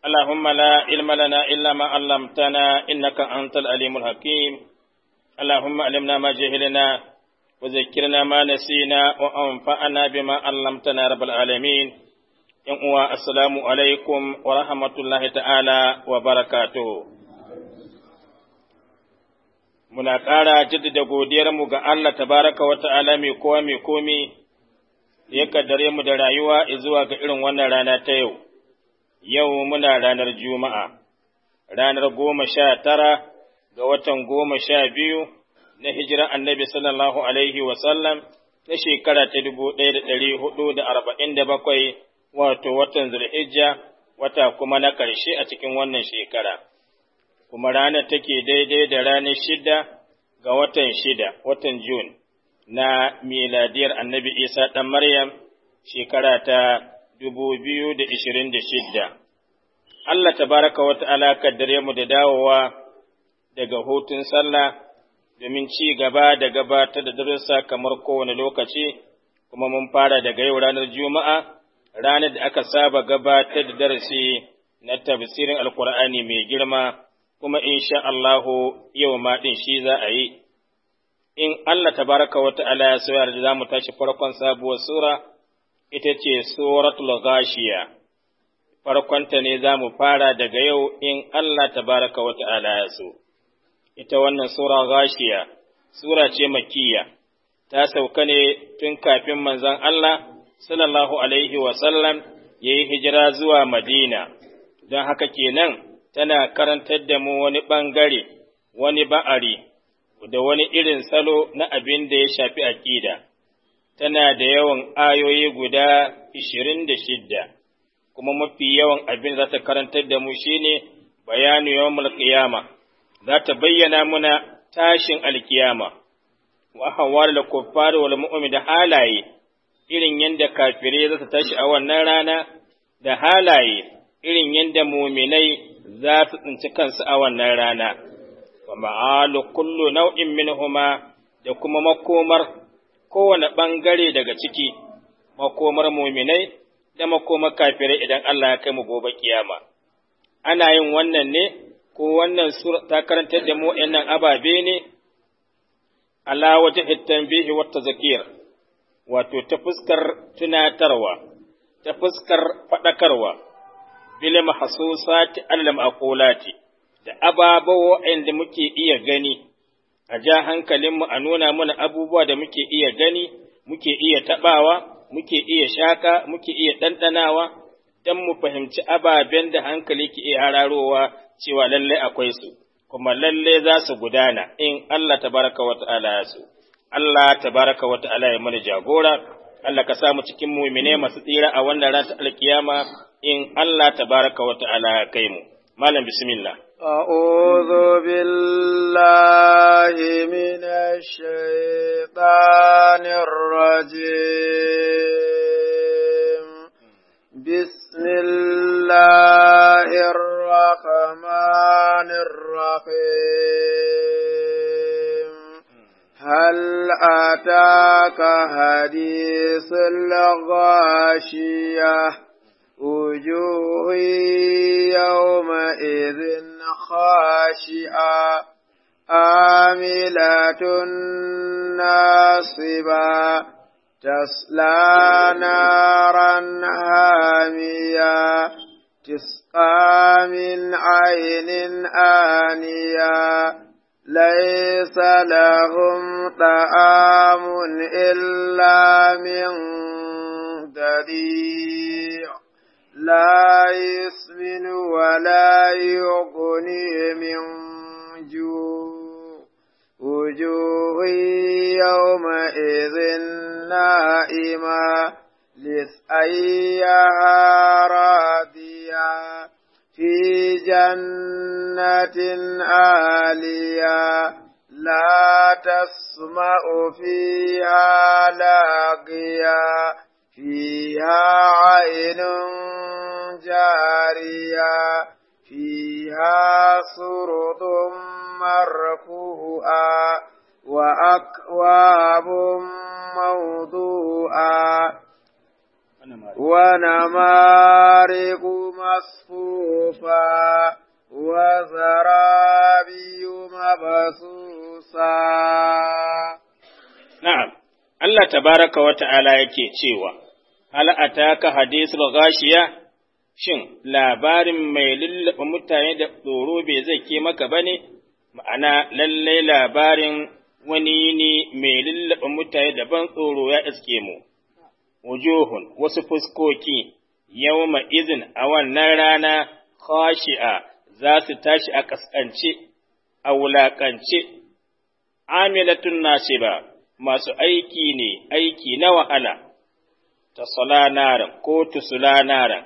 اللهم لا علم لنا إلا ما علمتنا إنك أنت العليم الحكيم اللهم علمنا ما جهلنا وذكرنا ما نسينا وأنفعنا بما علمتنا رب العالمين يقوى السلام عليكم ورحمة الله تعالى وبركاته muna ƙara jaddada godiyarmu ga Allah tabaraka wa ta'ala mai kowa mai komi, ya kaddare mu da rayuwa zuwa ga irin wannan rana ta yau. yau muna ranar Juma'a, ranar goma sha tara ga watan goma sha biyu na hijirar annabi sallallahu Alaihi wasallam ta shekara ta dubu ɗaya da ɗari hudu da arba'in da bakwai wato watan zurhijja wata kuma na ƙarshe a cikin wannan shekara, kuma ranar take daidai da ranar shida ga watan shida, watan Jun na miladiyar annabi Isa ɗan Maryam shekara ta dubu biyu da ishirin da shidda. Allah tabaraka wata ta'ala mu da dawowa daga hutun sallah domin ci gaba da gabatar da darussa kamar kowane lokaci, kuma mun fara daga yau ranar Juma'a, ranar da aka saba gabatar da darasi na tafsirin Alkur'ani mai girma, kuma insha Allahu yau maɗin shi za a yi. In Allah Ta baraka wata ya so yarda za mu tashi farkon sabuwar sura. ita ce suratul gashiya farkonta ne za mu fara daga yau in Allah Ta wa ta'ala ya so ita wannan sura gashiya sura ce makiyya. ta sauka ne tun kafin manzon Allah sallallahu alaihi wa sallam yi hijira zuwa Madina don haka kenan tana karantar da mu wani bangare wani ba'ari da wani irin salo na abin da ya shafi aƙida. tana da yawan ayoyi guda ishirin da shidda, kuma mafi yawan abin za ta karantar da mu shine bayanu yawan mulkiyama, za ta bayyana muna tashin alkiyama, wa hawa da kuffar wal mu'min da halaye, irin yadda kafirai za ta tashi a wannan rana da halaye, irin yadda muminai za su tsinci kansu a wannan rana. Wa ma'alu kullu nau'in minhuma da kuma makomar kowane ɓangare daga ciki makomar muminai da makomar kafirai idan Allah ya kai mu gobe kiyama. Ana yin wannan ne ko wannan sura ta karantar da mu nan ababe ne ala wajhi tanbihi wa tazkir wato ta fuskar tunatarwa ta fuskar faɗakarwa bil mahsusati al maqulati da ababawa inda muke iya gani a ja hankalinmu a nuna mana abubuwa da muke iya gani, muke iya taɓawa, muke iya shaka, muke iya ɗanɗanawa, don mu fahimci ababen da hankali ke iya hararowa cewa lallai akwai su, kuma lallai za su gudana in Allah baraka wa ta'ala ya su. Allah baraka wa ta'ala ya mana jagora, Allah ka samu cikin mumine masu tsira a wannan ranar alkiyama in Allah tabaraka wa ta'ala ya kai mu. Malam bismillah. أعوذ بالله من الشيطان الرجيم بسم الله الرحمن الرحيم هل أتاك حديث الغاشية وجوه يومئذ خاشئا عاملة ناصبا تسلى نارا هامية تسقى من عين آنية ليس لهم طعام إلا من ضريع لا يسمن ولا يغني من جوع وجوه يومئذ نائمة لسأيها راضية في جنة عالية لا تسمع فيها لاقيا فيها عين جارية فيها سرط مرفوعة وأكواب موضوعة ونمارق مصفوفة وزرابي مبسوسة نعم Allah tabaraka wa ta'ala yake cewa, Hal taka hadisul gashiya, shin labarin mai lullaba mutane da tsoro bai zai ke maka ba ne, ma'ana lallai labarin wani ne mai lullaba mutane da ban tsoro ya iske mu, wujuhun wasu fuskoki, yau izin a wannan rana khashi'a za su tashi a ƙasƙance, a wulaƙance, amilatun nashi ba. masu aiki ne aiki na wahala ta salanaran ko tusulanaran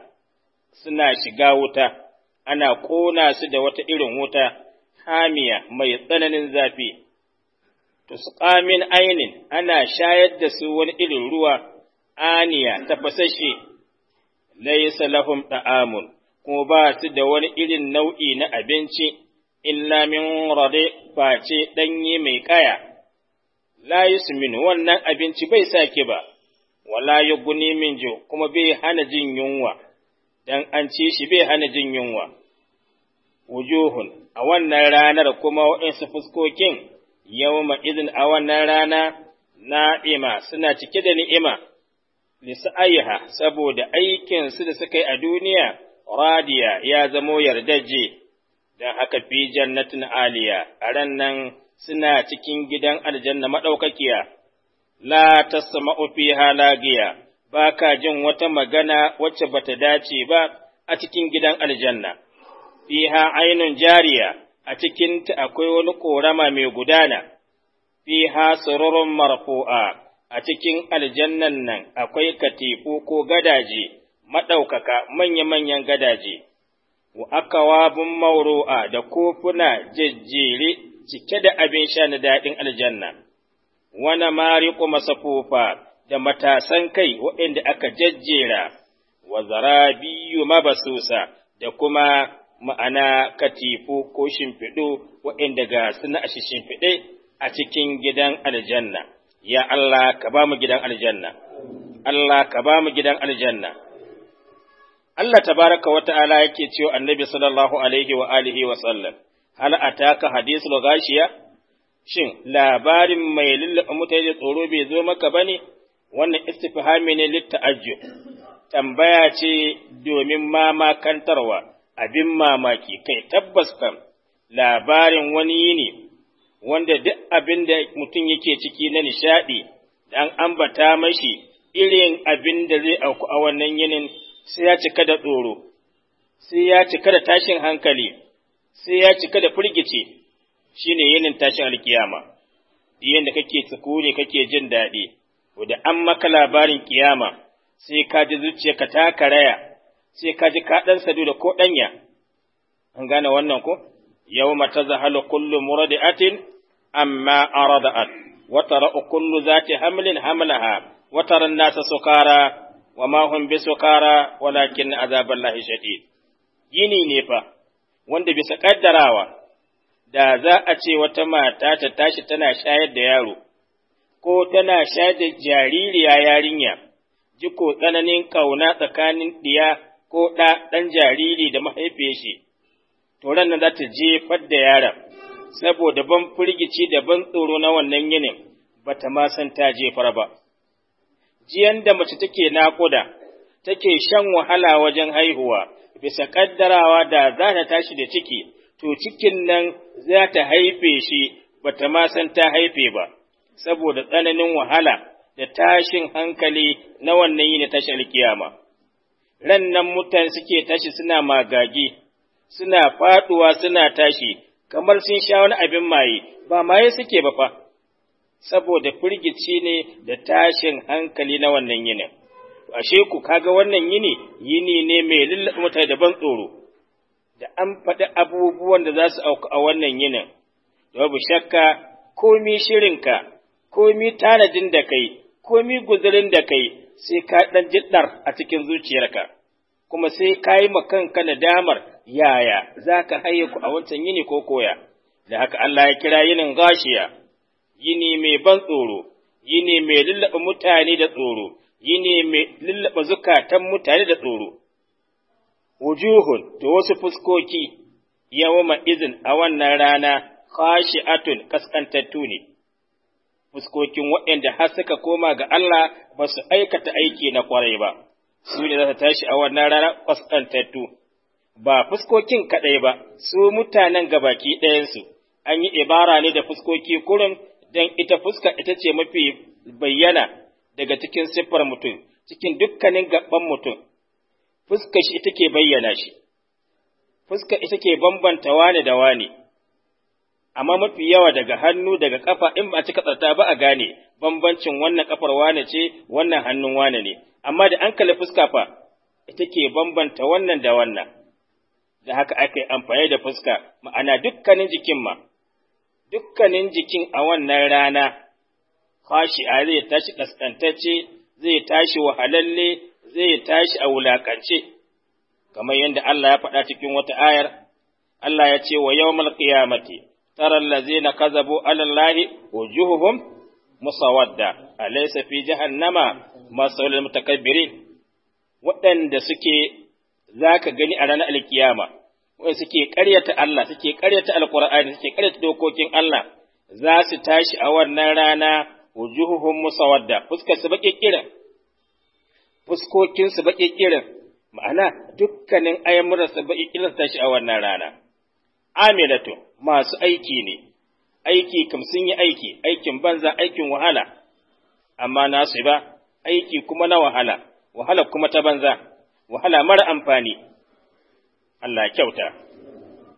suna shiga wuta ana ƙona su da wata irin wuta hamiya mai tsananin zafi Tusƙamin ainin ana shayar da su wani irin ruwa aniya ta tafasashe laysa lahum ta'amun kuma ba su da wani irin nau'i na abinci illa min rade face danye mai kaya la yusminu wannan abinci bai sa kiba wala yughni min ju kuma bai hana jin yunwa dan an ci shi bai hana jin yunwa wujuhun a wannan ranar kuma waɗansu fuskokin yawma idin a wannan rana na'ima suna cike da ni'ima lisa'aiha saboda aikin su da suka yi a duniya radiya ya zamo yardajje dan haka fi jannatin aliya a ran nan suna cikin gidan aljanna maɗaukakiya, la ta fiha lagiya, ba ka jin wata magana wacce ba ta dace ba a cikin gidan aljanna, fiha ainun jariya, a cikinta akwai wani ƙorama mai gudana, fiha sururun marfu'a, a cikin aljannan nan akwai katifu ko gadaje, maɗaukaka manya-manyan gadaje, wa aka wabin mauro'a da kofuna jejjere cike da abin sha na daɗin aljanna, wana kuma safofa, da matasan kai waɗanda aka jajjera, wa biyu mabasusa da kuma ma'ana katifu ko shimfiɗo waɗanda ga suna a shimfiɗe a cikin gidan aljanna. Ya Allah ka ba mu gidan aljanna, Allah ka ba mu gidan aljanna. Allah tabaraka wa ta'ala yake cewa annabi sallallahu alaihi wa alihi wa sallam. hal ataka hadisul gashiya shin labarin mai lullaba mutane tsoro bai zo maka bane wannan istifhami ne litta'ajju tambaya ce domin mamakantarwa abin mamaki kai tabbas kan labarin wani ne, wanda duk abin da mutum yake ciki na nishaɗi dan ambata mashi irin abin da zai auku a wannan yinin sai ya cika da tsoro sai ya cika da tashin hankali sai ya cika da firgice shine yinin tashin alkiyama yanda kake ne kake jin daɗi wadda an maka labarin kiyama sai ka ji ka ta karaya sai ka ji ka sadu da ko ɗanya. an gane wannan ko zahalu kullum muradi atin, amma arada'at wa tara kullu zati hamlin hamlaha wa tara nasa sukara wa ma hum bisukara walakin lahi shadid yini ne fa wanda bisa ƙaddarawa da za a ce wata mata ta tashi tana shayar da yaro, ko tana shayar da jaririya yarinya, jiko tsananin ƙauna tsakanin ɗiya ko ɗa ɗan jariri da mahaifiye shi, to nan za ta jefar da yara saboda ban firgici da ban tsoro na wannan yinin, ba ta ma san ta jefar ba. Jiyan da mace take naƙuda, take shan wahala wajen haihuwa, bisa ƙaddarawa da za ta tashi da ciki, to cikin nan za ta haife shi ba ta ma san ta haife ba, saboda tsananin wahala da tashin hankali na wannan yi na tashar kiyama. Ran nan mutane suke tashi suna magagi, suna faɗuwa suna tashi, kamar sun sha wani abin maye, ba maye suke ba fa, saboda firgici ne da tashin hankali na wannan yinin. ashe ku kaga wannan yini yini ne mai lullaɓa mutane da ban tsoro da an faɗi abubuwan da za su auku a wannan yinin babu shakka komi shirinka komi tanadin da kai komi guzurin da kai sai ka ɗan jiɗar a cikin zuciyarka kuma sai ka yi ma kanka nadamar yaya za ka haye ku a wancan yini ko koya da haka Allah ya kira yinin gashiya yini mai ban tsoro yini mai lullaɓa mutane da tsoro yini mai lullaba zukatan mutane da tsoro wujuhun to wasu fuskoki yawma izin a wannan rana khashi'atun kaskantattu ne fuskokin waɗanda har suka koma ga Allah ba su aikata aiki na kwarai ba su ne za ta tashi a wannan rana kaskantattu ba fuskokin kaɗai ba su mutanen gabaki ɗayansu an yi ibara ne da fuskoki kurum don ita fuska ita ce mafi bayyana daga cikin siffar mutum, cikin dukkanin gaban mutum, fuska shi ita ke bayyana shi, fuska ita ke bambanta wane da wane, amma mafi yawa daga hannu daga kafa in ba a cika tsarta ba a gane bambancin wannan kafar wane ce, wannan hannun wane ne, amma da an kalli fuska fa ita ke bambanta wannan da wannan. Da haka aka yi amfani da fuska, ma'ana dukkanin jikin ma, dukkanin jikin a wannan rana khashi'a zai tashi kaskantacce zai tashi wahalalle zai tashi a wulakance kamar yadda Allah ya faɗa cikin wata ayar Allah ya ce wa yawmal qiyamati tara allazina kazabu ala llahi wujuhuhum musawadda alaysa fi jahannama masalul mutakabbirin waɗanda suke zaka gani a ranar alkiyama wai suke ƙaryata Allah suke ƙaryata alqur'ani suke ƙaryata dokokin Allah za su tashi a wannan rana wujuhuhum musawadda fuskar su baƙi kira fuskokin su baƙi kira ma'ana dukkanin ayyamuran su baƙi kira ta tashi a wannan rana amilatu masu aiki ne aiki kam sun yi aiki aikin banza aikin wahala amma nasu ba aiki kuma na wahala wahala kuma ta banza wahala mara amfani Allah kyauta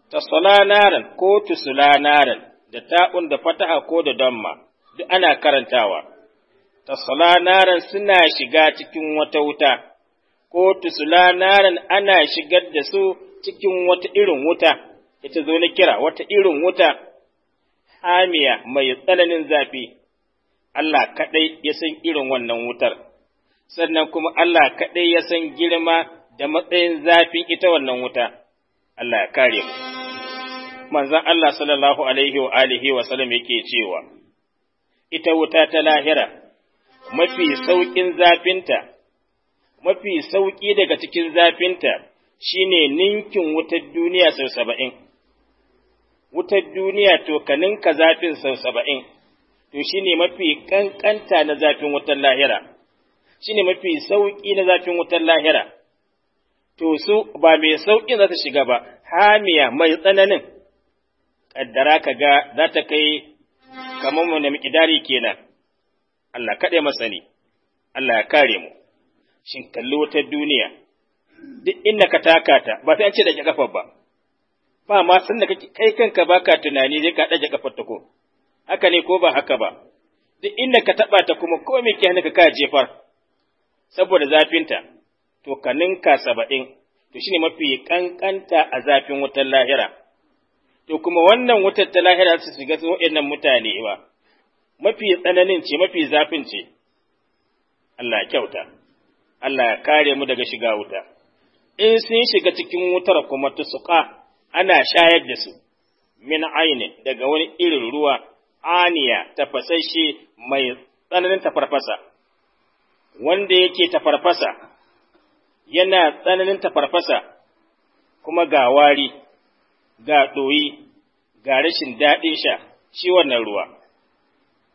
Sula naran ko tusula naran da ta'un da fataha ko da damma duk ana karantawa tasla naran suna shiga cikin wata wuta ko tusla naran ana shigar da su cikin wata irin wuta ita zo na kira wata irin wuta hamiya mai tsananin zafi Allah kaɗai ya san irin wannan wutar sannan kuma Allah kaɗai ya san girma da matsayin zafin ita wannan wuta Allah ya kare mu manzon Allah sallallahu alaihi wa alihi wa sallam yake cewa ita wuta ta lahira, mafi sauƙin zafinta, mafi sauƙi daga cikin zafinta shi ne ninkin wutar duniya sau saba'in. Wutar duniya to ka ninka zafin sau saba'in, to shi ne mafi ƙanƙanta na zafin wutar lahira, shi ne mafi sauƙi na zafin wutar lahira. To su ba mai sauƙin za ta shiga ba, hamiya mai tsananin, ƙaddara ka ga za ta kai kamar mu da mikidari kenan Allah kaɗai masani Allah ya kare mu shin kallo wata duniya duk inda ka taka ta ba sai an ce da kafar ba ba ma san da kai kanka baka tunani zai ka daje kafar ta ko haka ne ko ba haka ba duk inda ka taba ta kuma ko me ke ka ka jefar saboda zafinta to ka ninka saba'in to shine mafi kankanta a zafin wutar lahira to kuma wannan wutar ta lahira su shiga su waɗannan mutane ba, mafi tsananin ce, mafi zafin ce, Allah kyauta, Allah kare mu daga shiga wuta, in sun shiga cikin wutar kuma ta suka ana shayar da su, min aini daga wani irin ruwa, aniya tafasashe mai tsananin tafarfasa, wanda yake tafarfasa, yana tsananin tafarfasa, kuma ga wari. ga ɗoyi, ga rashin daɗin sha, shi wannan ruwa,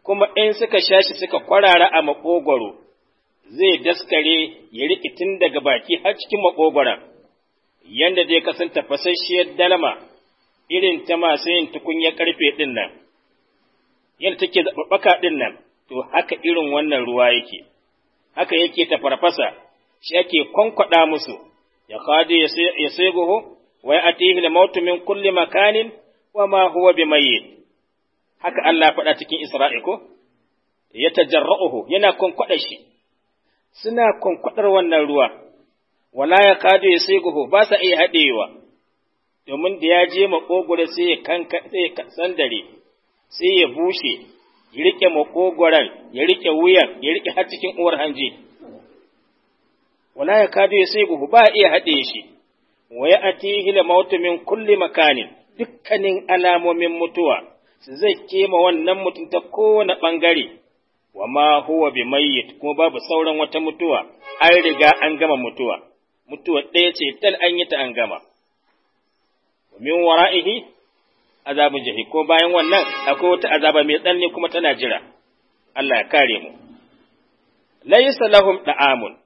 kuma in suka sha shi suka kwarara a maƙogwaro, zai daskare ya riƙe tun daga baki har cikin maƙogwaron, Yadda zai kasan fasasshiyar dalama irin ta masu yin tukunya ƙarfe ɗin nan, yadda take zaɓaɓɓaka ɗin nan, to haka irin wannan ruwa yake, haka yake ta farfasa, shi ake kwankwaɗa musu, ya kade ya sai wa ya'tihi al-maut min kulli makanin wa ma huwa bimayyit haka Allah faɗa cikin Isra'i ko yatajarra'uhu yana kunkwada shi suna kunkwadar wannan ruwa wala ya kadu ya sai guhu ba sa iya haɗewa domin da ya je makogoro sai ya kanka sai ya sandare sai ya bushe ya rike makogoran ya rike wuyan ya rike har cikin uwar hanji wala ya kadu ya sai guhu ba iya haɗe shi wa a al-mautu min kulli makanin dukkanin alamomin mutuwa zai kema wannan mutum ta kowane bangare wa ma huwa bi mayyit kuma babu sauran wata mutuwa an riga an gama mutuwa mutuwa ɗaya ce tal an yi ta an gama min wara'ihi azabun jahi ko bayan wannan akwai wata azaba mai tsanani kuma tana jira Allah ya kare mu laysa lahum da'amun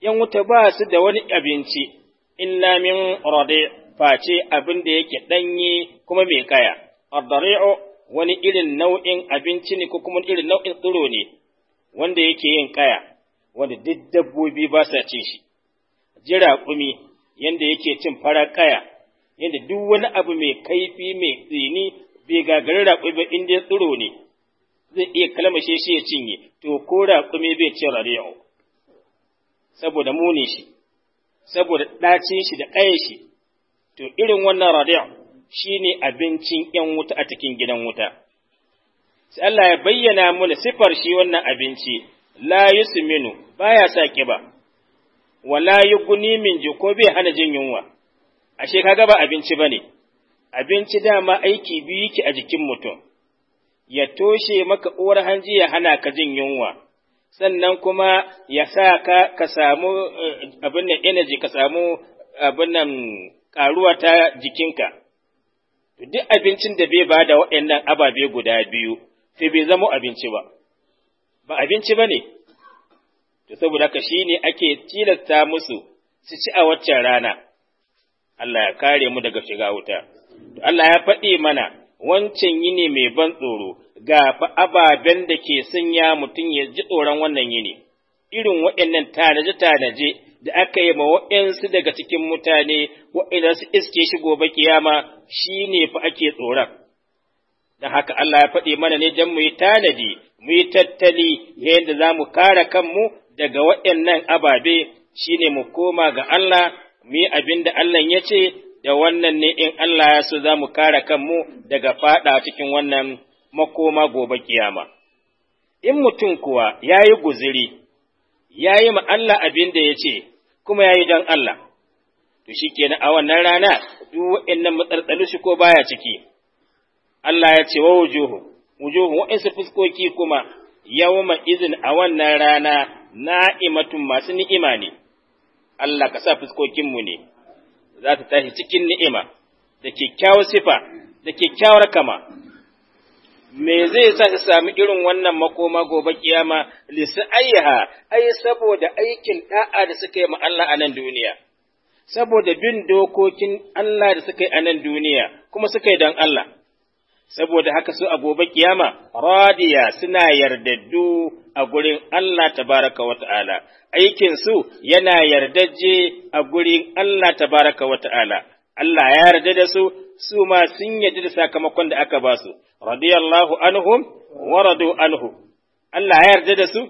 yan wuta ba su da wani abinci illa min rade face abin da yake ɗanye kuma mai kaya ardari'u wani irin nau'in abinci ne ko kuma irin nau'in tsiro ne wanda yake yin kaya wanda duk dabbobi ba sa cin shi jira kumi yanda yake cin farar kaya yanda duk wani abu mai kaifi mai tsini bai gagari raƙumi ba in dai tsiro ne zai iya kalmashe shi ya cinye to ko raƙumi bai ce rari'u saboda muni shi saboda ɗacin shi da ƙaya shi, to irin wannan radiya shine ne abincin ‘yan wuta a cikin gidan wuta. Sai Allah ya bayyana mana sifar shi wannan abinci, la yusminu baya sa ƙiba, wa la yuguni min ji ko bai hana jin yunwa, ashe kaga ba abinci ba ne, abinci dama aiki biyu yake a jikin mutum, ya toshe maka uwar hanji ya hana ka jin yunwa. sannan kuma ya sa ka ka samu eh, abin nan energy ka samu abin nan karuwa ta jikinka duk abincin da bai ba da waɗannan ababe guda biyu sai bai zama abinci ba ba abinci ba ne to saboda ka shi ne ake tilasta musu su ci a waccan rana Allah ya kare mu daga shiga wuta Allah ya faɗi mana wancan yini mai ban tsoro ga ababen da ke sanya mutum ya ji tsoron wannan yini, irin waɗannan tanaje-tanaje da aka yi ma waɗansu daga cikin mutane waɗanda su iske shi gobe kiyama shi ne fa ake tsoron. Da haka Allah ya faɗi mana ne don mu yi tanadi, mu yi tattali yadda za mu kare kanmu daga waɗannan ababe shi ne mu koma ga Allah, mu yi abin da Allah ya ce, da wannan ne in Allah ya so za mu kare kanmu daga faɗa cikin wannan makoma gobe kiyama. In mutum kuwa ya yi guziri, ya yi ma Allah abin da ya ce, kuma ya yi don Allah, to shi kenan a wannan rana duk waɗannan matsartsalu shi ko baya ciki. Allah ya ce wa wujuhu, wujuhu waɗansu fuskoki kuma yawma izin a wannan rana na'imatun masu ni'ima ne, Allah ka sa fuskokinmu ne, za ta tashi cikin ni'ima, da kyakkyawar sifa, da kyakkyawar kama, me zai sa su sami irin wannan makoma gobe kiyama lisa ayyaha ai saboda aikin da'a da suka yi ma Allah a nan duniya saboda bin dokokin Allah da suka yi a nan duniya kuma suka yi don Allah saboda haka su a gobe kiyama radiya suna yardaddu a gurin Allah tabaraka wa ta'ala aikin su yana yardaje a gurin Allah tabaraka wa ta'ala Allah ya yarda da su su ma sun yarda da sakamakon da aka ba su radiyallahu anhum wa radu anhu Allah ya yarda da su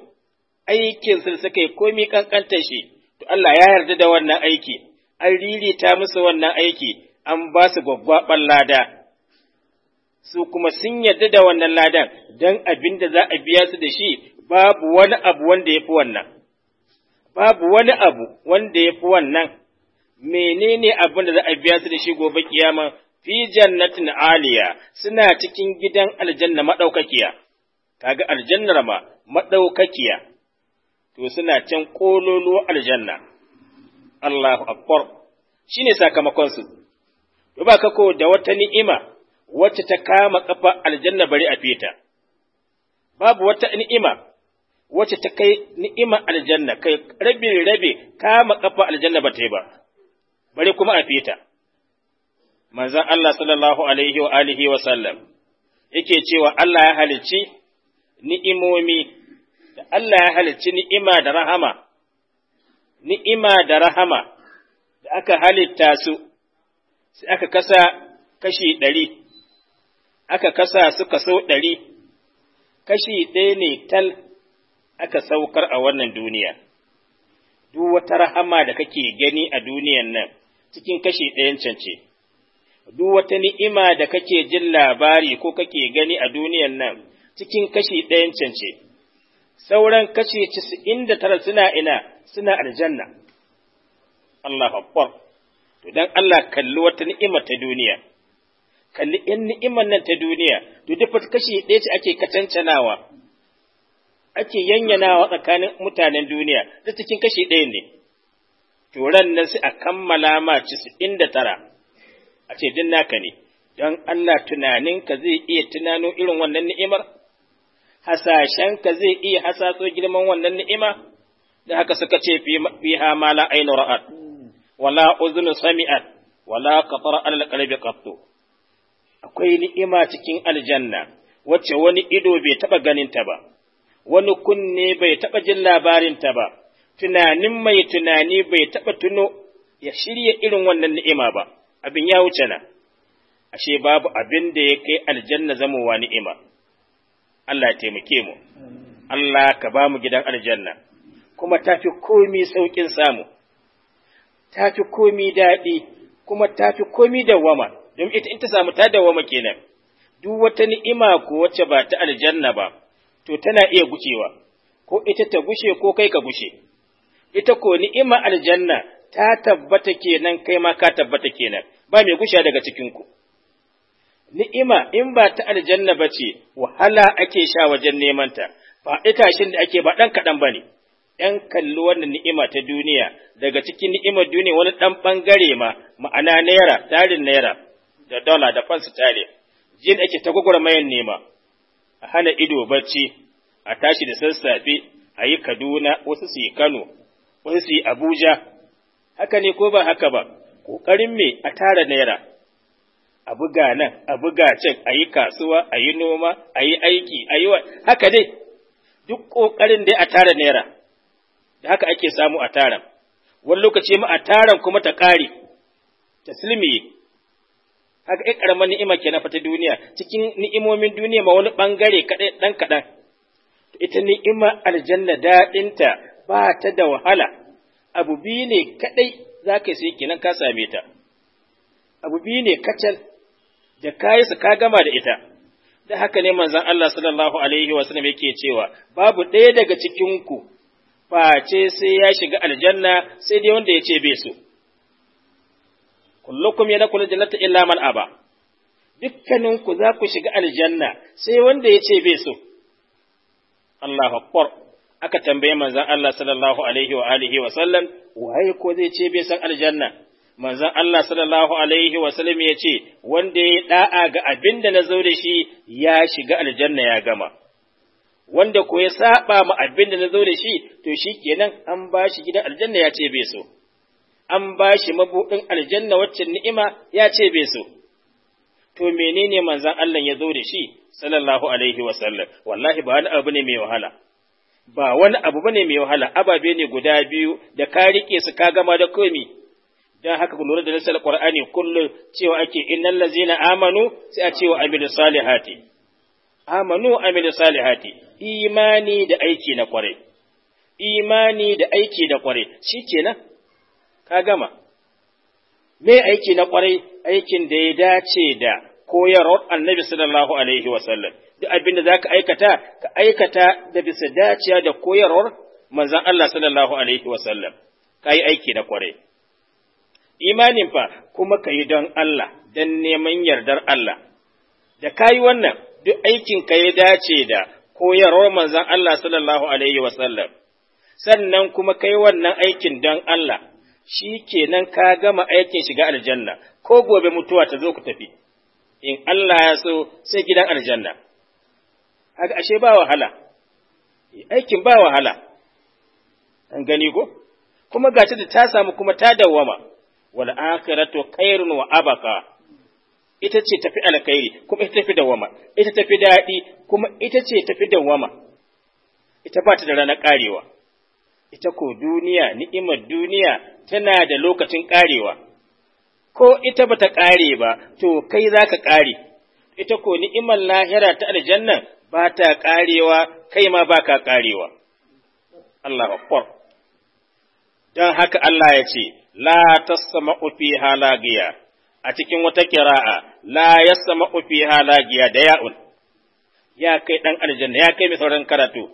aikin su suka yi komai kankantar shi to Allah ya yarda da wannan aiki an ririta musu wannan aiki an ba su babban lada su kuma sun yarda da wannan ladan dan abin da za a biya su da shi babu wani abu wanda ya fi wannan babu wani abu wanda ya wannan menene abin da za a biya su da shi gobe kiyama fi jannatin aliya suna cikin gidan aljanna madaukakiya kaga aljannar ma madaukakiya to suna can kololo aljanna Allahu akbar shine sakamakon su to ba kako da wata ni'ima wacce ta kama kafa aljanna bari a fita babu wata ni'ima wacce ta kai ni'ima aljanna kai rabi rabi kama kafa aljanna ba ta yi ba bari kuma a fita manzon Allah sallallahu alaihi wa alihi wa sallam yake cewa Allah ya halicci ni'imomi da Allah ya halicci ni'ima da rahama ni'ima da rahama da aka halitta su sai aka kasa kashi ɗari aka kasa su kaso ɗari kashi ɗaya ne tal aka saukar a wannan duniya duk wata rahama da kake gani a duniyan nan cikin kashi ɗayan ce. duk wata ni'ima da kake jin labari ko kake gani a duniyan nan cikin kashi ɗayan cance, sauran kashi casa'in da tara suna ina suna aljanna. Allah akbar to don Allah kalli wata ni'ima ta duniya, kalli ‘yan ni'iman nan ta duniya, to duk kashi ɗaya ce ake katancanawa, ake yanyanawa tsakanin mutanen duniya, duk cikin kashi ɗaya ne. To ran nan sai a kammala ma casa'in da tara. a ce din naka ne don Allah tunaninka zai iya tunano irin wannan ni'imar hasashenka zai iya hasaso girman wannan ni'ima da haka suka ce fiha ma la ainu ra'at wala uzun sami'at wala qatara alal qalbi akwai ni'ima cikin aljanna wacce wani ido bai taba ganin ta ba wani kunne bai taba jin labarin ta ba tunanin mai tunani bai taba tuno ya shirya irin wannan ni'ima ba abin ya wuce na ashe babu abin da ya kai aljanna zamowa ni'ima Allah ya taimake mu Allah ka ba mu gidan aljanna kuma tafi komi saukin samu tafi komi daɗi kuma tafi komi dawama. don ita in ta samu ta wama kenan duk wata ni'ima ko wacce ba ta aljanna ba to tana iya gucewa ko ita ta gushe ko kai ka gushe ita ko ni'ima aljanna ta tabbata kenan kai ma ka tabbata kenan ba mai gusha daga cikinku. Ni'ima in ba ta aljanna ba ce, wahala ake sha wajen nemanta, ba itashin da ake ba ɗan kaɗan ba ne, ‘yan kalli wannan ni'ima ta duniya, daga cikin ni'imar duniya wani ɗan bangare ma, ma'ana naira, tarin naira, da dala da fansu tare, jin ake ta gwagwarmayan nema, a hana ido bacci, a tashi da sassafe, a yi Kaduna, wasu su yi Kano, wasu su yi Abuja, haka ne ko ba haka ba, ƙoƙarin me a tara naira, a buga nan, a buga can, a yi kasuwa, a yi noma, a yi aiki, a yi haka dai, duk ƙoƙarin dai a tara naira, da haka ake samu a tara. wani lokaci ma a taran kuma ta ƙare, ta silmiye, haka ‘yan ƙaramin ni'ima ke na fata duniya, cikin ni'imomin duniya ma wani ɓangare kaɗai ɗan kaɗan, ita ni'ima aljanna daɗinta ba ta da wahala, abu biyu ne kaɗai za ka yi sai kenan ka same ta abu biyu ne kacal da ka yi su ka gama da ita da haka ne manzon Allah sallallahu alaihi wa sallam yake cewa babu ɗaya daga cikin ku face sai ya shiga aljanna sai dai wanda ya ce bai so kullukum yanakul jannata illa man aba dukkaninku za ku shiga aljanna sai wanda ya ce bai so Allahu akbar aka tambaye manzon Allah sallallahu alaihi wa alihi wa sallam waye ko zai ce bai san aljanna manzon Allah sallallahu alaihi wa sallam ya ce wanda ya da'a ga abinda da na zo da shi ya shiga aljanna ya gama wanda ko ya saba ma abinda na zo da shi to shi kenan an ba shi gidan aljanna ya ce bai so an ba shi mabuɗin aljanna waccan ni'ima ya ce bai so to menene manzon Allah ya zo da shi sallallahu alaihi wa sallam wallahi ba wani abu ne mai wahala ba wani abu bane mai wahala ababe ne guda biyu da ka rike su ka gama da komi dan haka ku lura da nasal qur'ani kullum cewa ake innal ladzina amanu sai a cewa amilu salihati amanu amilu salihati imani da aiki na kwarai imani da aiki da kwarai shikenan ka gama me aiki na kwarai aikin da ya dace da koyarwar annabi sallallahu alaihi wasallam duk abin da za ka aikata ka aikata da bisa daciya da koyarwar manzan Allah sallallahu alaihi wasallam ka yi aiki da kwarai imanin fa kuma ka yi don Allah don neman yardar Allah da ka yi wannan duk aikin ka ya dace da koyarwar manzan Allah sallallahu alaihi wasallam sannan kuma ka yi wannan aikin don Allah shi kenan ka gama aikin shiga aljanna ko gobe mutuwa ta zo ku tafi in Allah ya so sai gidan aljanna haka ashe ba wahala aikin ba wahala an gani ko kuma gashi da ta samu kuma ta dawwama wal akhiratu khairun wa abaka ita ce tafi alkhairi kuma ita tafi dawwama ita tafi daɗi kuma ita ce tafi dawwama ita ba ta da ranar karewa ita ko duniya ni'imar duniya tana da lokacin karewa ko ita bata kare ba to kai zaka kare ita ko ni'imar lahira ta aljanna ba ta ƙarewa kai ma ba ka ƙarewa. Allah akbar. Don haka Allah ya ce, La tassama ufi halagiya, a cikin wata kira'a, La yassama ufi halagiya da ya'un, ya kai ɗan aljanna, ya kai mai karatu,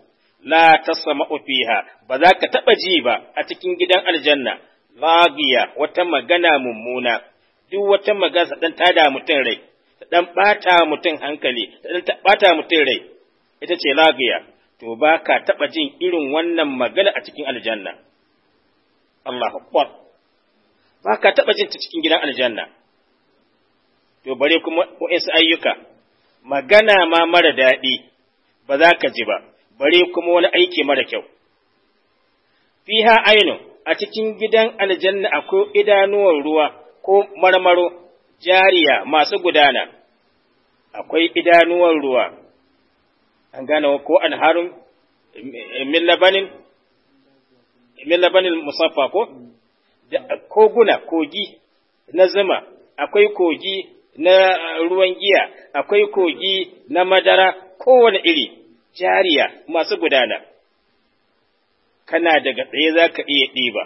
La tassama ha. ba za ka taɓa ji ba a cikin gidan aljanna, lagiya wata magana mummuna, duk wata magana ɗan da mutum rai, ta dan bata mutum hankali ta dan bata mutum rai ita ce lagiya to ba ka taba jin irin wannan magana a cikin aljanna Allahu akbar ba ka taba jin ta cikin gidan aljanna to bare kuma wa'insu ayyuka magana ma mara daɗi ba za ka ji ba bare kuma wani aiki mara kyau fiha ainu a cikin gidan aljanna akwai idanuwar ruwa ko marmaro jariya masu gudana, akwai idanuwan ruwa, an gane ko an harin min labanin musaffa ko? koguna, kogi na zuma, akwai kogi na ruwan giya, akwai kogi na madara, kowane iri, jariya masu gudana. Kana daga tsaye za ka iya ɗiba,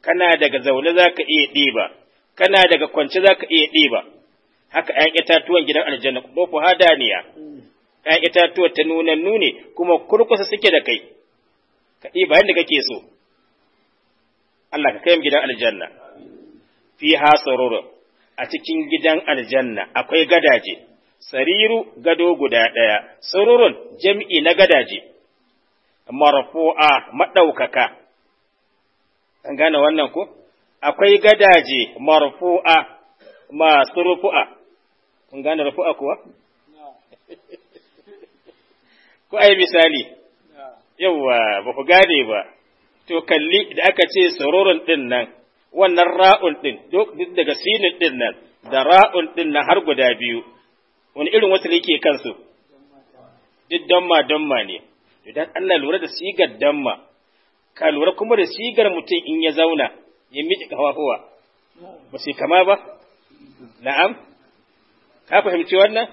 kana daga zaune za ka iya ɗiba. kana daga kwance za ka iya ɗiba haka ‘yan itatuwan gidan aljanna ko ku hadaniya ‘yan itatuwa ta nuna nune kuma kurkusa suke da kai ka ɗiba yadda kake so Allah ka kai gidan aljanna fi hasaruru a cikin gidan aljanna akwai gadaje sariru gado guda ɗaya sururun jam'i na gadaje marfu'a maɗaukaka an gane wannan ko akwai gadaje marfu'a masu rufu'a, kun gane rufu'a kuwa? Ku ai misali, yawwa ba ku gane ba, to kalli da aka ce sororin ɗin nan, wannan ra'ul ɗin, duk daga sinin ɗin nan, da ra'ul ɗin nan har guda biyu, wani irin wasu yake kansu? Duk damma damma ne, idan Allah lura da sigar damma, ka lura kuma da sigar mutum in ya zauna. ya miƙe ƙafafuwa ba su kama ba na'am ka fahimci wannan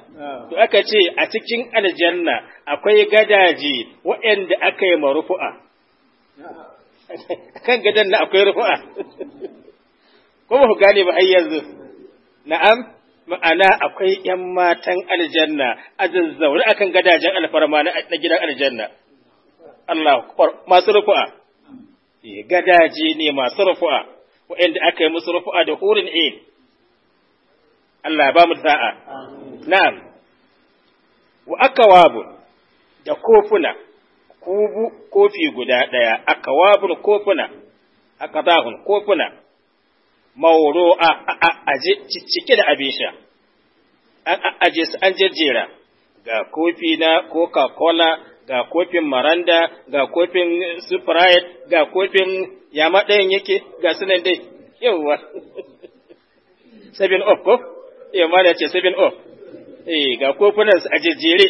to aka ce a cikin aljanna akwai gadaje waɗanda aka yi marufu'a kan gadan na akwai rufu'a ko ba ku gane ba yanzu na'am ma'ana akwai ‘yan matan aljanna a zazzaune a kan gadajen alfarma na gidan aljanna, Allah masu rufu'a, Eh, gadaje ne masu rufu'a waɗanda aka yi musu rufu'a da hurin in Allah ba mu sa'a na'am wa aka wabu da kofuna kubu kofi guda ɗaya aka da kofuna aka zahun kofuna mauro a aje cike da abin sha an aje su an jejjera ga kofi na coca-cola ga kofin maranda ga kofin sprite ga kofin yama ɗayan yake ga sunan dai yawwa seven of ko yamma da ce seven of eh ga kofunan a jejjere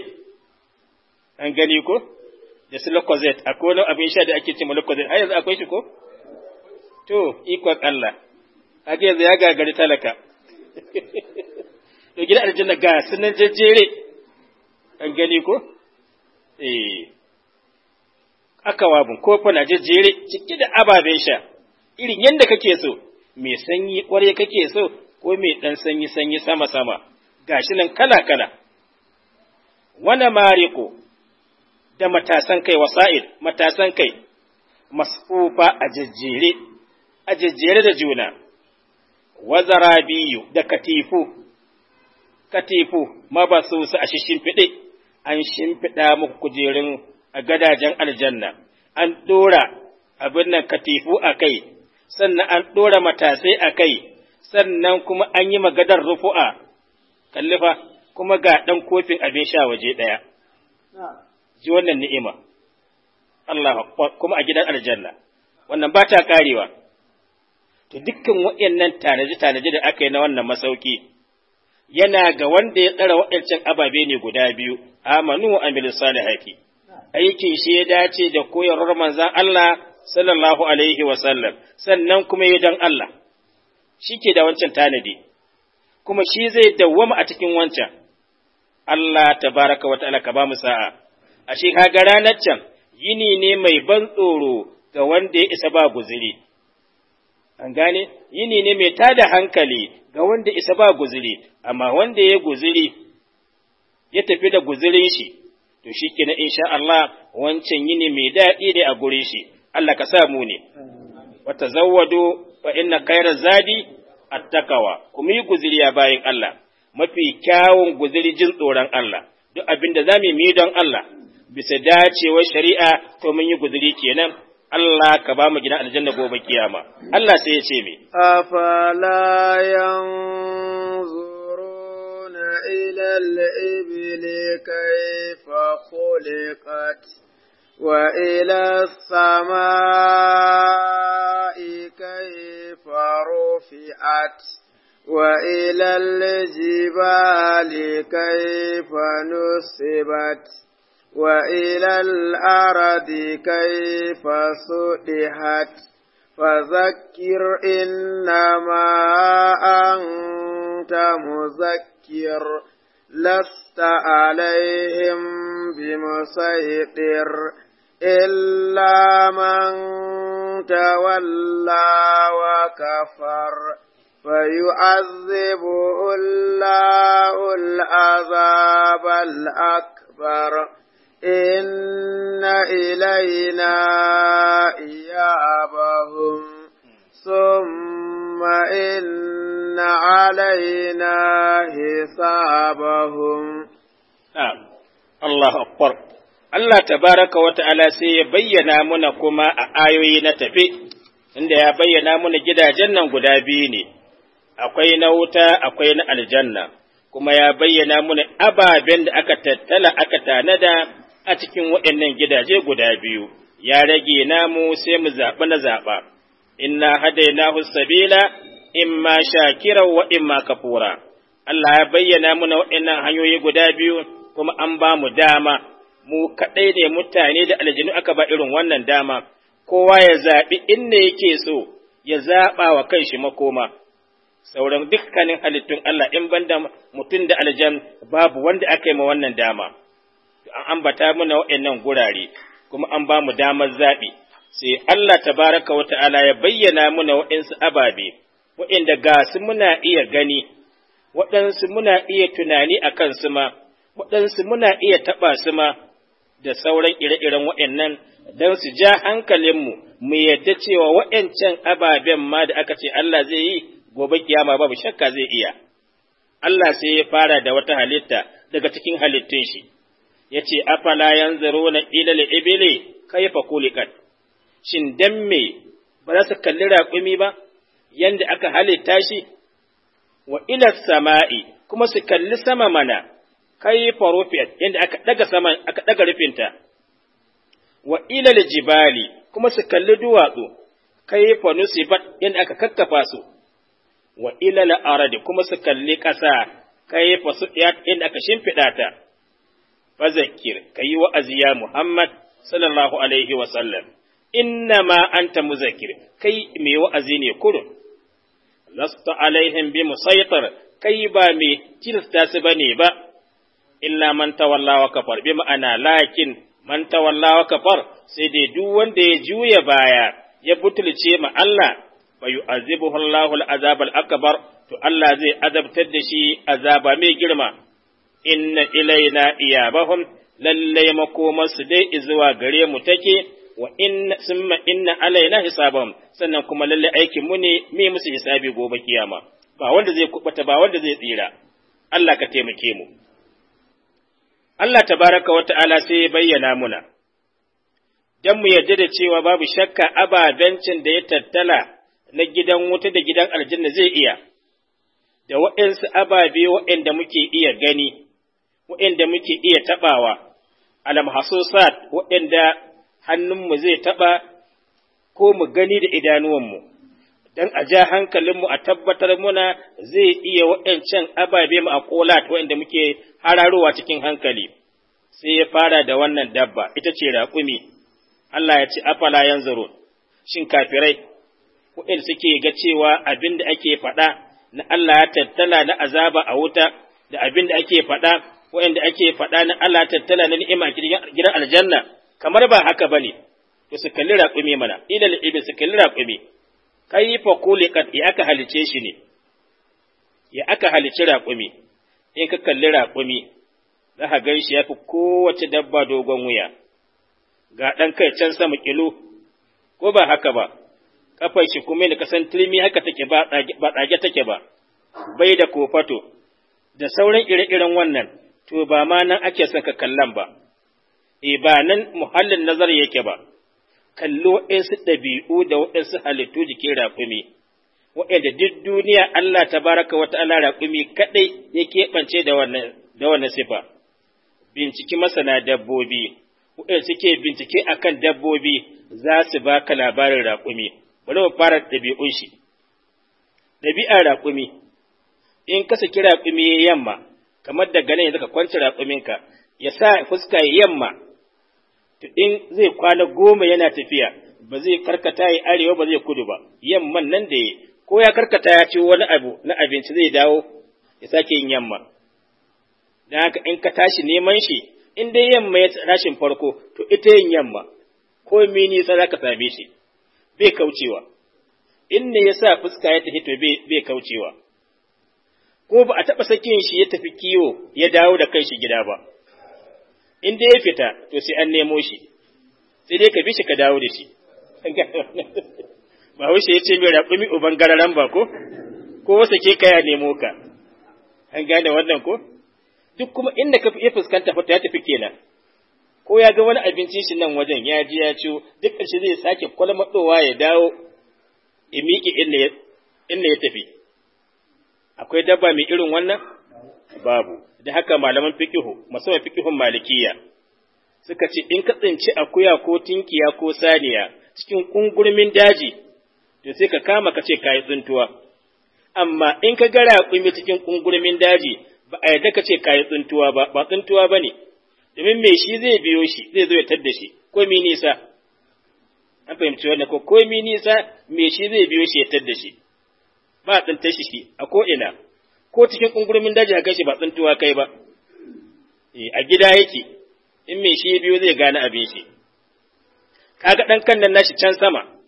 an gani ko da su lokozet akwai wani abin sha da ake ce lokozet locozet har yanzu akwai shi ko to ikon Allah haka yanzu ya gagari talaka to gida aljanna ga sunan jejjere an gani ko eh akawabin na jejjere cike da ababen sha irin yadda kake so mai sanyi kware kake so ko mai ɗan sanyi sanyi sama sama gashi nan kala kala wani mariko da matasan kai wasa'id matasan kai masufa a jejjere a jejjere da juna wazara biyu da katifu katifu mabasu su a shishin fide, an shimfiɗa muku kujerun a gadajen aljanna an ɗora abin nan katifu a kai sannan an ɗora matasai a kai sannan kuma an yi magadar rufu'a kallifa kuma ga ɗan kofin abin sha waje ɗaya ji wannan ni'ima Allah kuma a gidan aljanna wannan ba ta karewa to dukkan waɗannan tanaje-tanaje da aka yi na wannan masauki yana ga wanda ya tsara waɗancan ababe ne guda biyu amanu wa amilus salihati aikin shi ya dace da koyarwar manzan Allah sallallahu alaihi wasallam sannan kuma ya dan Allah shi ke da wancan tanadi kuma shi zai dawwama a cikin wancan Allah tabaraka wa ta'ala ka ba mu sa'a ashe kaga ranar can yini ne mai ban tsoro ga wanda ya isa ba guziri an gane yini ne mai tada hankali ga wanda isa ba guziri amma wanda ya guziri ya tafi da guzirin shi to shi kenan insha Allah wancan yini mai daɗi ne a gure shi Allah ka sa mu ne wa tazawwadu fa inna khayra zadi attaqwa kuma yi guziriya bayan Allah mafi kyawun guziri jin tsoron Allah duk abin da mu yi don Allah bisa dacewar shari'a to mun yi guziri kenan Allah ka ba mu gina aljanna gobe kiyama Allah sai ya ce me afala yanzuruna ila al-ibli kai. خلقت وإلى السماء كيف رفعت وإلى الجبال كيف نصبت وإلى الأرض كيف سطحت فذكر إنما أنت مذكر لست عليهم بمسيطر إلا من تولى وكفر فيعذبه الله العذاب الأكبر إن إلينا إيابهم ثم إن علينا حسابهم نعم Allah akbar Allah tabaraka wa ta'ala sai ya bayyana muna kuma a ayoyi na tafe inda ya bayyana muna gidajen nan guda biyu ne akwai na wuta akwai na aljanna kuma ya bayyana muna ababen da aka tattala aka tanada a cikin waɗannan gidaje guda biyu ya rage namu sai mu zaɓi na zaɓa inna hadainahu sabila imma shakira wa imma kafura Allah ya bayyana muna waɗannan hanyoyi guda biyu kuma an ba mu dama, mu kaɗai ne mutane da aljanu aka ba irin wannan dama, kowa ya zaɓi inda yake so, ya zaɓa wa kanshi makoma. Sauran dukkanin halittun Allah in banda mutum da aljan babu wanda aka yi ma wannan dama. An ambata mana waɗannan gurare, kuma an ba mu damar zaɓi. Sai Allah tabaraka wa ta'ala ya bayyana muna waɗansu ababe, waɗanda ga su muna iya gani, waɗansu muna iya tunani a kansu ma, waɗansu muna iya taɓa su ma da sauran ire-iren waɗannan don su ja hankalinmu mu yadda cewa waɗancan ababen ma da aka ce Allah zai yi gobe kiyama babu shakka zai iya. Allah sai ya fara da wata halitta daga cikin halittun shi, ya ce, Afala zaro na ilal ibili kaifa kulikat, shin dan me ba za su kalli raƙumi ba, yanda aka halitta shi, wa ilar sama'i kuma su kalli sama mana. kai farofiyat yadda aka daga saman aka ɗaga rufinta wa ilal jibali kuma su kalli duwatsu kai fanusibat yadda aka kakkafa su wa ilal aradi kuma su kalli ƙasa kai fasudiyat yadda aka shimfiɗa ta fazakir kai wa aziya Muhammad sallallahu alaihi wa sallam inna ma anta muzakir kai mai wa'azi ne kurun lasta alaihim bi musaitar kai ba mai tilasta su bane ba illa man tawalla wa kafar bi ma'ana lakin man tawalla wa kafar sai dai duk wanda ya juya baya ya butulce ma Allah fa yu'azibuhu Allahu al-azab al-akbar to Allah zai azabtar da shi azaba mai girma inna ilaina iyabahum lalle makomarsu dai izuwa gare mu take wa inna summa inna alaina hisabahum sannan kuma lalle aikin mu ne me musu hisabi gobe kiyama ba wanda zai kubata ba wanda zai tsira Allah ka taimake mu Allah tabaraka wa ta'ala sai ya bayyana muna, don mu yarda da cewa babu shakka ababencin da ya tattala na gidan wuta da gidan aljanna zai iya, da waɗansu ababe waɗanda muke iya gani, waɗanda muke iya taɓawa, alamhasusat waɗanda hannunmu zai taɓa ko mu gani da idanuwanmu, don a ja hankalinmu a tabbatar muna zai iya waɗancan ababe mu a kolat waɗanda muke hararowa cikin hankali, sai ya fara da wannan dabba, ita ce raƙumi, Allah ya ce, afala zaro. shin kafirai, in suke ga cewa abin da ake faɗa na Allah ya tattala na azaba a wuta, da abin da ake faɗa, wa'inda ake faɗa na Allah ya tattala na ni'ima gidan aljanna, kamar ba haka ba ne, su kalli raƙumi mana, Idan ibi su kalli raƙumi, kai fa kulikat ya aka halice shi ne, ya aka halice raƙumi. in ka kalli raƙumi, za ka gan shi ya fi kowace dabba dogon wuya, ga ɗan kai can sama kilo, ko ba haka ba, ƙafar shi kuma yana kasan turmi haka take ba ɗage take ba, bai da kofato, da sauran ire-iren wannan, to ba ma nan ake son ka kallon ba, e ba nan muhallin nazar yake ba, kallo waɗansu ɗabi'u da waɗansu halittu jikin raƙumi. waɗanda duk duniya Allah ta baraka wata ta'ala raƙumi kaɗai ya keɓance da wannan sifa binciki masana dabbobi waɗanda suke bincike a kan dabbobi za su baka labarin raƙumi bari mu fara ɗabi'un shi ɗabi'ar raƙumi in ka saki raƙumi ya yamma kamar daga nan yanzu ka kwanci raƙuminka ya sa fuska ya yamma in zai kwana goma yana tafiya ba zai karkata ya arewa ba zai kudu ba yamman nan da ya ko ya karkata ya ci wani abu na abinci zai dawo ya sake yin yamma don haka in ka tashi neman shi in dai yamma ya rashin farko to ita yin yamma ko me nisa za ka same shi bai kaucewa in ne ya fuska ya tafi to bai kaucewa ko ba a taɓa sakin shi ya tafi kiwo ya dawo da kanshi gida ba in dai ya fita to sai an nemo shi sai dai ka bi shi ka dawo da shi ba ya ce mai raƙumi uban gararan ba ko ko wasa ke kaya nemo ka an gane wannan ko duk kuma inda ka fi fuskanta fata ya tafi kenan ko ya ga wani abincin shi nan wajen ya ji ya ciwo duk ƙarshe zai sake kwal maɗowa ya dawo ya miƙe inda ya tafi akwai dabba mai irin wannan babu da haka malaman fikihu musamman fikihun malikiya suka ce in ka tsinci akuya ko tinkiya ko saniya cikin kungurmin daji to sai ka kama ka ce ka yi tsuntuwa. Amma in ka gara raƙumi cikin ƙungurmin daji ba a yarda ka ce ka yi tsuntuwa ba, ba tsuntuwa ba ne, domin me shi zai biyo shi zai zo ya tadda shi, ko mi nisa. An fahimci wannan ko ko mi nisa me shi zai biyo shi ya tadda shi. Ba a tsintar shi a ko'ina, ko cikin ƙungurmin daji ka shi ba tsuntuwa kai ba. Eh, a gida yake, in me shi biyo zai gane abin shi. Kaga ɗan kan nan nashi can sama,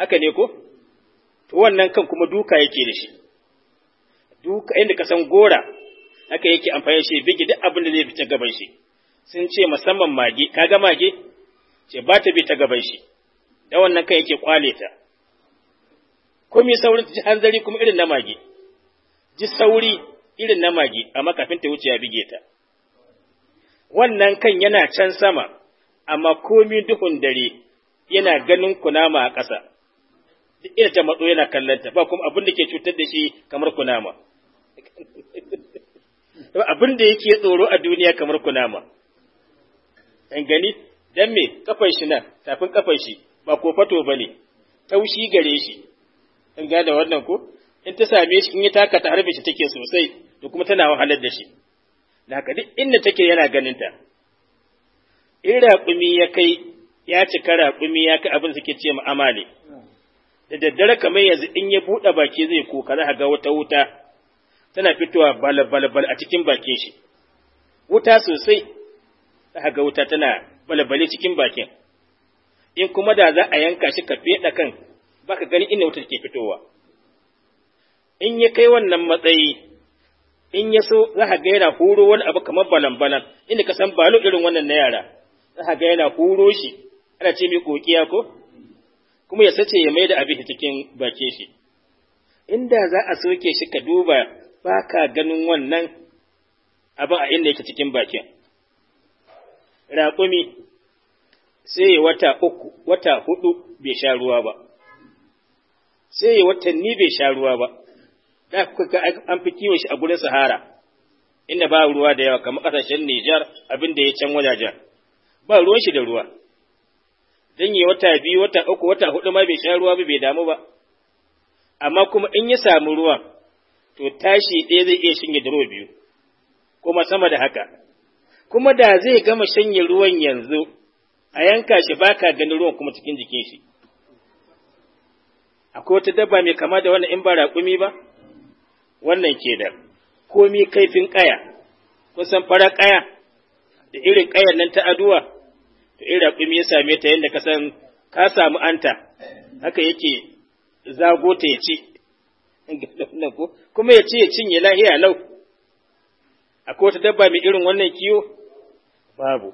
haka ne ko to wannan kan kuma duka yake da shi duka inda ka san gora haka yake amfani shi bigi duk abin da zai fi ta gaban shi sun ce musamman mage kaga mage ce ba ta bi ta gaban shi da wannan kan yake kwale ta komai saurin ji hanzari kuma irin na mage ji sauri irin na mage amma kafin ta wuce ya bige ta wannan kan yana can sama amma komi duhun dare yana ganin kunama a ƙasa duk ina ta matso yana kallanta ba kuma abin da ke cutar da shi kamar kunama abin da yake tsoro a duniya kamar kunama an gani dan me kafan shi nan tafin kafan shi ba ko fato bane taushi gare shi an ga da wannan ko in ta same shi in ya taka ta harbe shi take sosai to kuma tana wahalar da shi da duk inda take yana ganin ta in raƙumi ya kai ya cika raƙumi ya kai abin suke ce mu'amale da daddare kamar yanzu in ya buɗe baki zai kuka za ga wata wuta tana fitowa balabalabal a cikin bakin shi wuta sosai za ga wuta tana balabale cikin bakin in kuma da za a yanka shi ka feɗa kan baka gani inda wuta take fitowa in ya kai wannan matsayi in ya so za ka ga yana horo wani abu kamar balan-balan inda ka san balo irin wannan na yara za ka ga yana horo shi ana ce mai kokiya ko kuma ya sace ya mai da abin cikin bakin shi inda za a soke shi ka duba ba ka ganin wannan abin a inda yake cikin bakin raƙumi sai wata uku wata hudu bai sha ruwa ba sai ya watanni bai sha ruwa ba da kuka an fi kiwon shi a gurin sahara inda ba ruwa da yawa kamar ƙasashen Nijar abin da ya can wajajen ba ruwan shi da ruwa Zan yi wata biyu wata uku wata hudu ma bai sha ruwa ba bai damu ba amma kuma in ya samu ruwa to tashi ɗaya zai iya shinge duro biyu kuma sama da haka kuma da zai gama shanye ruwan yanzu a yanka shi baka ganin ruwan kuma cikin jikin shi akwai wata dabba mai kama da wannan in ba raƙumi ba wannan ke da komi kaifin ƙaya kusan fara ƙaya da irin ƙayar nan ta aduwa in raƙumi ya same ta yadda ka san ka samu anta haka yake zago ta ya ci kuma ya ci ya cinye lahiya lau akwai wata dabba mai irin wannan kiyo babu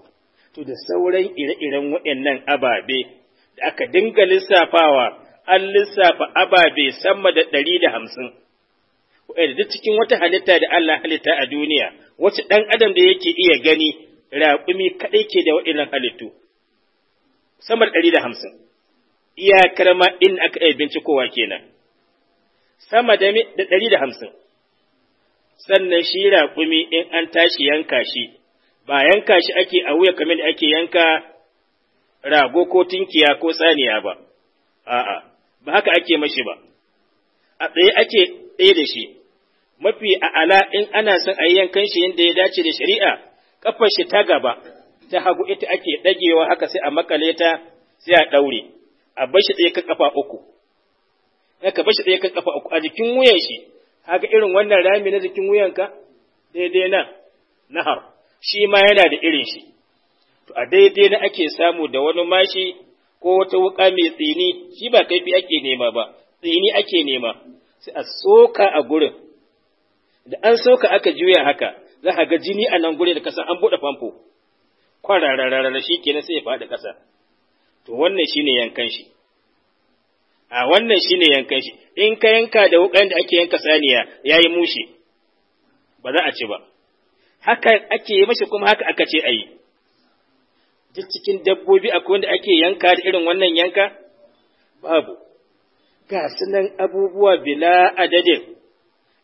to da sauran ire-iren waɗannan ababe da aka dinga lissafawa an lissafa ababe sama da ɗari da hamsin waɗanda duk cikin wata halitta da Allah halitta a duniya wacce ɗan adam da yake iya gani raƙumi kaɗai ke da waɗannan halittu, sama da ɗari da hamsin, iyakar ma in aka iya bincikowa kenan, sama da ɗari da hamsin. Sannan shi raƙumi in an tashi yanka shi, ba yanka shi ake a wuya kamar da ake yanka rago ko tunkiya ko tsaniya ba, a'a, ba haka ake mashi ba, a tsaye ake ɗaya da shi, mafi a'ala in ana son a yi yankan shi yadda ya dace da shari'a, kafar shi ta gaba ta hagu ita ake ɗagewa haka sai a makale ta sai a daure a bar shi tsaye kan kafa uku ka bar shi tsaye kan kafa uku a jikin wuyan shi haka irin wannan rami na jikin wuyanka daidai nan nahar shi ma yana da irin shi to a daidai na ake samu da wani mashi ko wata wuka mai tsini shi ba kaifi ake nema ba tsini ake nema sai a soka a gurin da an soka aka juya haka za a ga jini a nan gure da kasa an buɗe famfo kwararararar shi kenan sai ya faɗi ƙasa to wannan shine yankan shi a wannan shine yankan shi in ka yanka da wukan da ake yanka saniya yayi mushi ba za a ci ba haka ake yi mashi kuma haka aka ce ayi duk cikin dabbobi akwai wanda ake yanka da irin wannan yanka babu ga sunan abubuwa bila adadin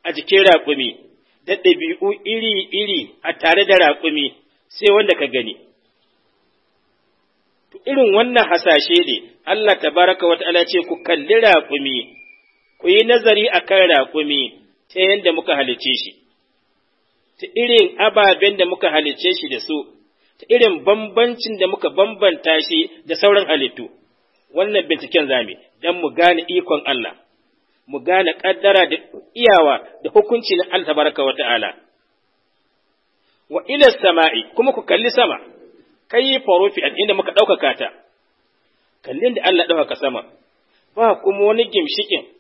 a jikin raƙumi da ɗabi'u iri-iri a tare da raƙumi sai wanda ka gani. Irin wannan hasashe ne, Allah Ta baraka wa ta'ala ce ku kalli raƙumi, ku yi nazari a kan raƙumi ta yadda muka halice shi, ta irin ababen da muka halice shi da su, ta irin bambancin da muka bambanta shi da sauran halittu. Wannan binciken zami, don mu gane ikon Allah. mu gane ƙaddara da iyawa da hukunci na Allah tabaraka wa ta'ala. Wa ila sama'i kuma ku kalli sama, kai farofi a inda muka ɗaukaka ta, kallin da Allah ɗaukaka sama, ba kuma wani gimshikin,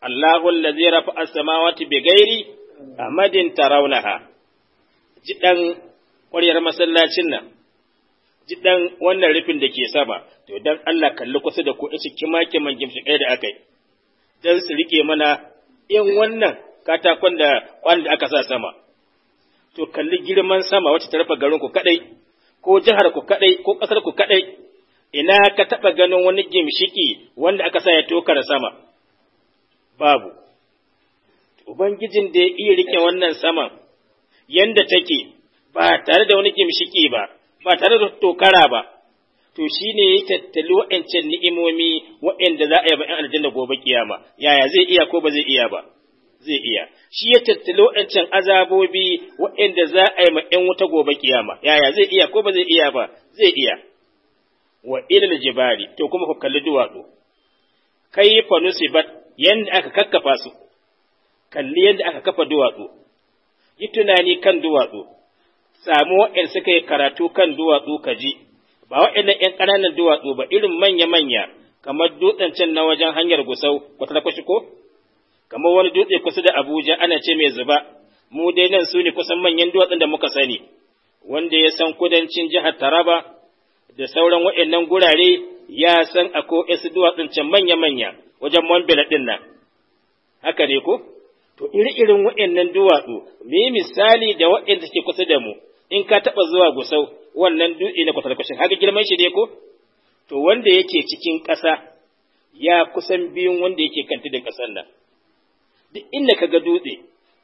Allahun da zai rafa as-samawati bi gairi amadin taraunaha ji ɗan ƙwaryar masallacin nan, ji wannan rufin da ke sama, to don Allah kalli kusa da ku isi kima kiman gimshikai da aka yi. don su rike mana in wannan katakon da kwanan da aka sa sama. To kalli girman sama wacce ta rufe garin ku kadai, ko jihar ku kaɗai, ko ƙasar ku kaɗai? ina ka taɓa ganin wani gimshiki wanda aka sa ya tokar sama. Babu. Ubangijin da ya iya rike wannan saman, yanda take, ba tare da wani gimshiki ba, ba tare da tokara ba, to shi ne ya tattali wa'ancan ni'imomi wa'anda za a yi 'yan aljanna gobe kiyama yaya zai iya ko ba zai iya ba zai iya shi ya tattali wa'ancan azabobi wa'anda za a yi ma'in wuta gobe kiyama yaya zai iya ko ba zai iya ba zai iya wa ilal jibali to kuma ku kalli duwatsu kai fa nusibat yanda aka kakkafa su kalli yanda aka kafa duwatsu yi tunani kan duwatsu samu wa'in suka yi karatu kan duwatsu ka ji ba waɗannan ‘yan ƙananan duwatsu ba irin manya-manya kamar dutsen can na wajen hanyar gusau kwata ta kwashi ko? Kamar wani dutse kusa da Abuja ana ce mai zuba, mu dai nan su ne kusan manyan duwatsun da muka sani, wanda ya san kudancin jihar Taraba da sauran waɗannan gurare ya san akwai isu duwatsun can manya-manya wajen Mambila ɗin nan. Haka ne ko? To, iri-irin waɗannan duwatsu, mu yi misali da waɗanda ke kusa da mu, in ka taɓa zuwa gusau wannan dutse na kwashin haka girman shi ne ko to wanda yake cikin ƙasa ya kusan biyun wanda yake kan tudun ƙasar nan duk inda ka ga dutse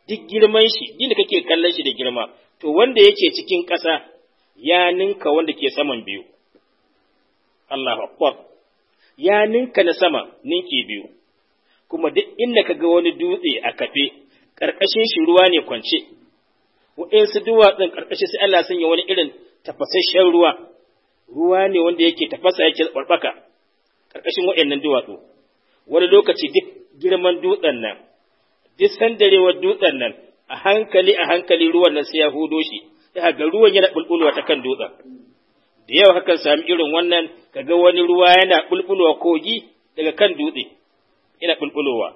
duk girman shi inda kake kallon shi da girma to wanda yake cikin ƙasa ya ninka wanda ke saman biyu Allahu akbar ya ninka na sama ninki biyu kuma duk inda ka ga wani dutse a kafe ƙarƙashin shi ruwa ne kwance waɗansu duwatsun ƙarƙashin sai Allah sanya wani irin tafasasshen ruwa, ruwa ne wanda yake tafasa yake ɓarɓaka ƙarƙashin waɗannan duwatsu. Wani lokaci duk girman dutsen nan, duk sandarewar dutsen nan, a hankali a hankali ruwan nan sai ya hudo shi, sai ga ruwan yana ɓulɓulwa ta kan dutsen. Da yawa hakan sami irin wannan, ka ga wani ruwa yana ɓulɓulwa kogi daga kan dutse, yana ɓulɓulowa.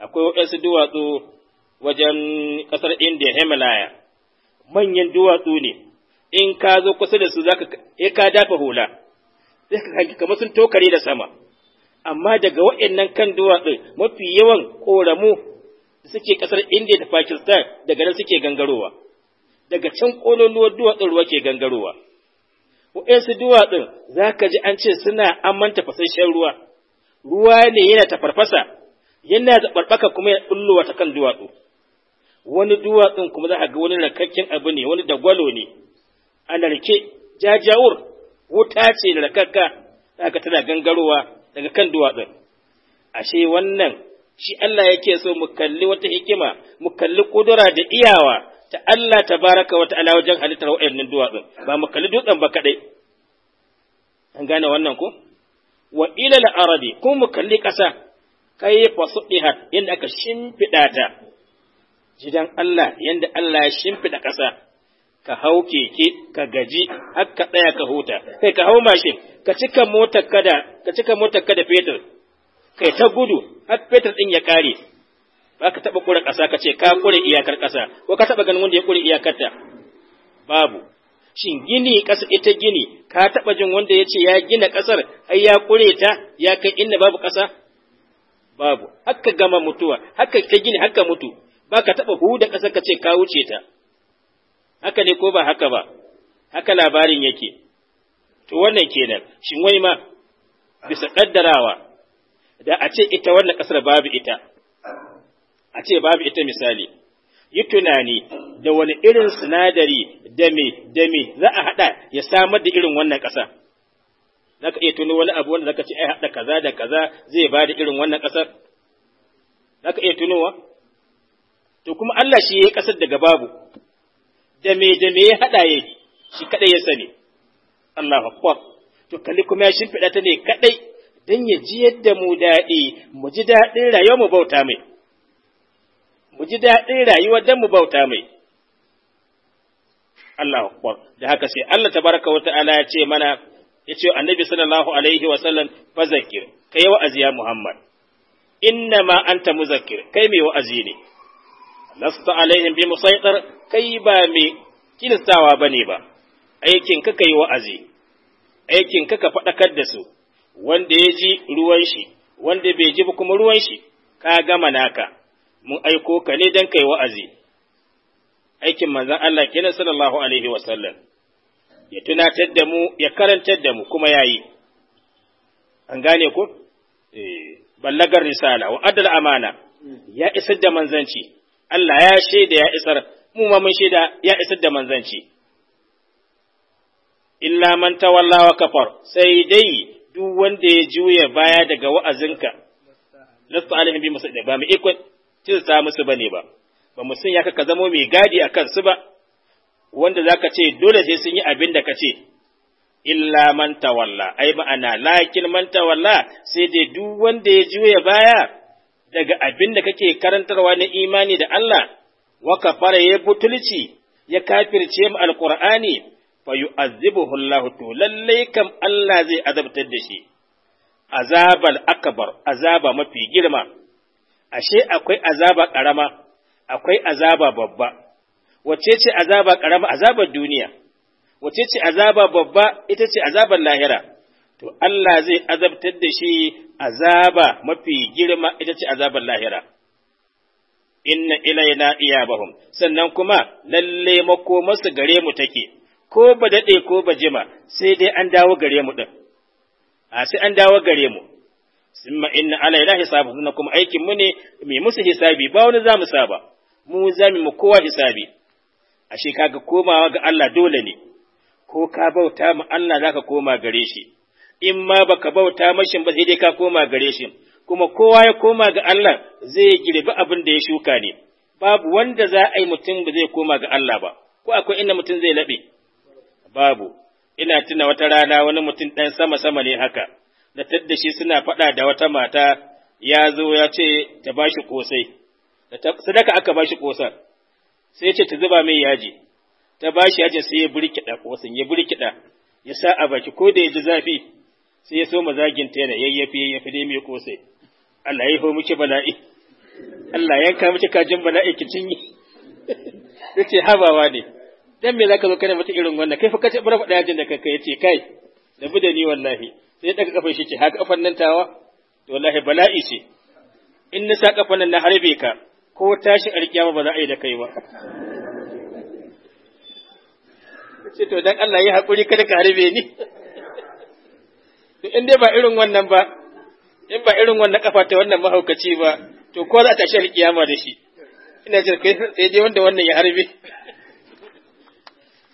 Akwai waɗansu duwatsu wajen ƙasar Indiya Himalaya, manyan duwatsu ne, in ka zo kusa da su zaka eh, ka dafa hula, sai ka hanki kamar sun tokare da sama, amma daga waɗannan kan duwatsu mafi yawan ƙoramu suke ƙasar Indiya da Pakistan daga nan suke gangarowa, daga can ƙololuwar duwatsun ruwa ke gangarowa. Waɗansu duwatsun za ka ji an ce suna amanta fasashen ruwa, ruwa ne yana tafarfasa, yana zaɓarɓaka kuma ya ɓullo ta kan duwatsu. wani duwatsun kuma za a ga wani rakakken abu ne wani dagwalo ne a narke jajawur wuta ce da rakakka aka tana gangarowa daga kan duwatsun ashe wannan shi Allah yake so mu kalli wata hikima mu kalli kudura da iyawa ta Allah tabaraka wa ta'ala wajen halittar wa'annan duwatsun ba mu kalli dutsen ba kadai an gane wannan ko wa ila al-ardi kuma mu kalli kasa kai fasudihat yanda aka shimfida ta jidan Allah yanda Allah ya shimfiɗa ƙasa, ka hau keke, ka gaji, har ka tsaya ka huta, kai ka hau mashin, ka cika motar kada, ka cika fetur, kai ta gudu, har fetur ɗin ya ƙare. Ba ka taɓa ƙura ƙasa ka ce ka ƙure iyakar ƙasa, ko ka taɓa ganin wanda ya ƙure iyakarta. Babu. Shin gini ƙasa ita gini, ka taɓa jin wanda ya ce ya gina ƙasar, ai ya ƙure ta, ya kai inda babu ƙasa? Babu, haka gama mutuwa, haka ta gini, haka mutu, ba ka taɓa huda ƙasa ka ce ka wuce ta, haka ne ko ba haka ba, haka labarin yake, to wannan kenan, shin wai ma bisa ƙaddarawa da a ce ita wannan ƙasar babu ita, a ce babu ita misali, yi tunani da wani irin sinadari da me da me za a haɗa ya samar da irin wannan ƙasa. Za ka iya tuno wani abu wanda za ka ce ai haɗa kaza da kaza zai ba da irin wannan ƙasar? Za ka iya tunowa? to kuma Allah shi ya yi ƙasar daga babu, da me da me ya haɗa ya shi kaɗai ya sani, Allah akbar to kalli kuma ya shimfiɗa ta ne kaɗai don ya ji yadda mu daɗi, mu ji daɗin rayuwa mu bauta mai, mu ji daɗin rayuwa don mu bauta mai. Allah akbar da haka sai Allah tabaraka wa ta'ala ya ce mana ya ce annabi sallallahu alaihi wa sallam fazakir kai wa'azi ya Muhammad inna ma anta muzakkir kai mai wa'azi ne lasta alaihim bi musaitar kai ba mai kilistawa bane ba aikin ka kai wa'azi aikin ka ka faɗakar da su wanda ya ji ruwan shi wanda bai ji ba kuma ruwan shi ka gama naka mun aiko ka ne dan kai wa'azi aikin manzon Allah kenan sallallahu alaihi wa sallam ya tunatar da mu ya karantar da mu kuma yayi an gane ko eh ballagar risala wa adal amana ya isar da manzanci Allah ya shaida ya isar mu ma mun shaida ya isar da manzanci illa man tawalla wa kafar sai dai duk wanda ya juya baya daga wa'azinka lasta alamin bi musu ba mu ikon sa musu bane ba ba mu sun yaka ka zamo mai gadi akan su ba wanda zaka ce dole sai sun yi abin da ka ce illa man tawalla ai ma'ana lakin man tawalla sai dai duk wanda ya juya baya daga abin da kake karantarwa na imani da Allah, wa kafara ya butulci, ya kafirce mu alƙur'ani, fa yu'azzibuhu Allah to lallai kam Allah zai azabtar da shi. Azabal akbar, azaba mafi girma. Ashe akwai azaba ƙarama, akwai azaba babba. Wace ce azaba ƙarama? Azabar duniya. Wace ce azaba babba? Ita ce azabar lahira. to Allah zai azabtar da shi azaba mafi girma ita ce azabar lahira. Inna ilaina iyabahum sannan kuma lalle makomarsu gare mu take, ko ba daɗe ko ba jima sai dai an dawo gare mu ɗin, a sai an dawo gare mu, Sima inna alaina hisabu sannan kuma aikin mu ne mai musu hisabi ba wani za mu saba, mu za mu kowa hisabi, ashe kaga komawa ga Allah dole ne, ko ka bauta mu Allah za ka koma gare shi. in ma ba baka bauta mashin ba sai dai ka koma gare shi kuma kowa ya koma ga Allah zai girbi abin da ya shuka ne babu wanda za a yi mutum ba zai koma ga Allah ba ko akwai inda mutum zai laɓe babu ina tuna wata rana wani mutum ɗan sama sama ne haka da tadda shi suna faɗa da wata mata ya zo ya ce ta ba shi kosai sadaka aka ba shi kosar, sai ce ta zuba mai yaji ta ba shi yajin sai ya burkiɗa kosan ya burkiɗa ya sa a baki ko da ya ji zafi sai ya so mazagin ta yana yayyafi yayyafi dai mai kosai Allah ya ho miki bala'i Allah ya yanka miki kajin bala'i ki cinye yace habawa ne dan me zaka zo kana mata irin wannan kai fa kace bar faɗa yajin da kai yace kai da bude da ni wallahi sai daga kafan shi ce ha kafan nan tawa to wallahi bala'i ce in na sa kafan nan na harbe ka ko tashin alkiyama ba za a yi da kai ba ce to dan Allah ya haƙuri kada ka harbe ni to in dai ba irin wannan ba in ba irin wannan kafa ta wannan mahaukaci ba to ko za ta shi alkiyama da shi ina jin kai sai dai wanda wannan ya harbe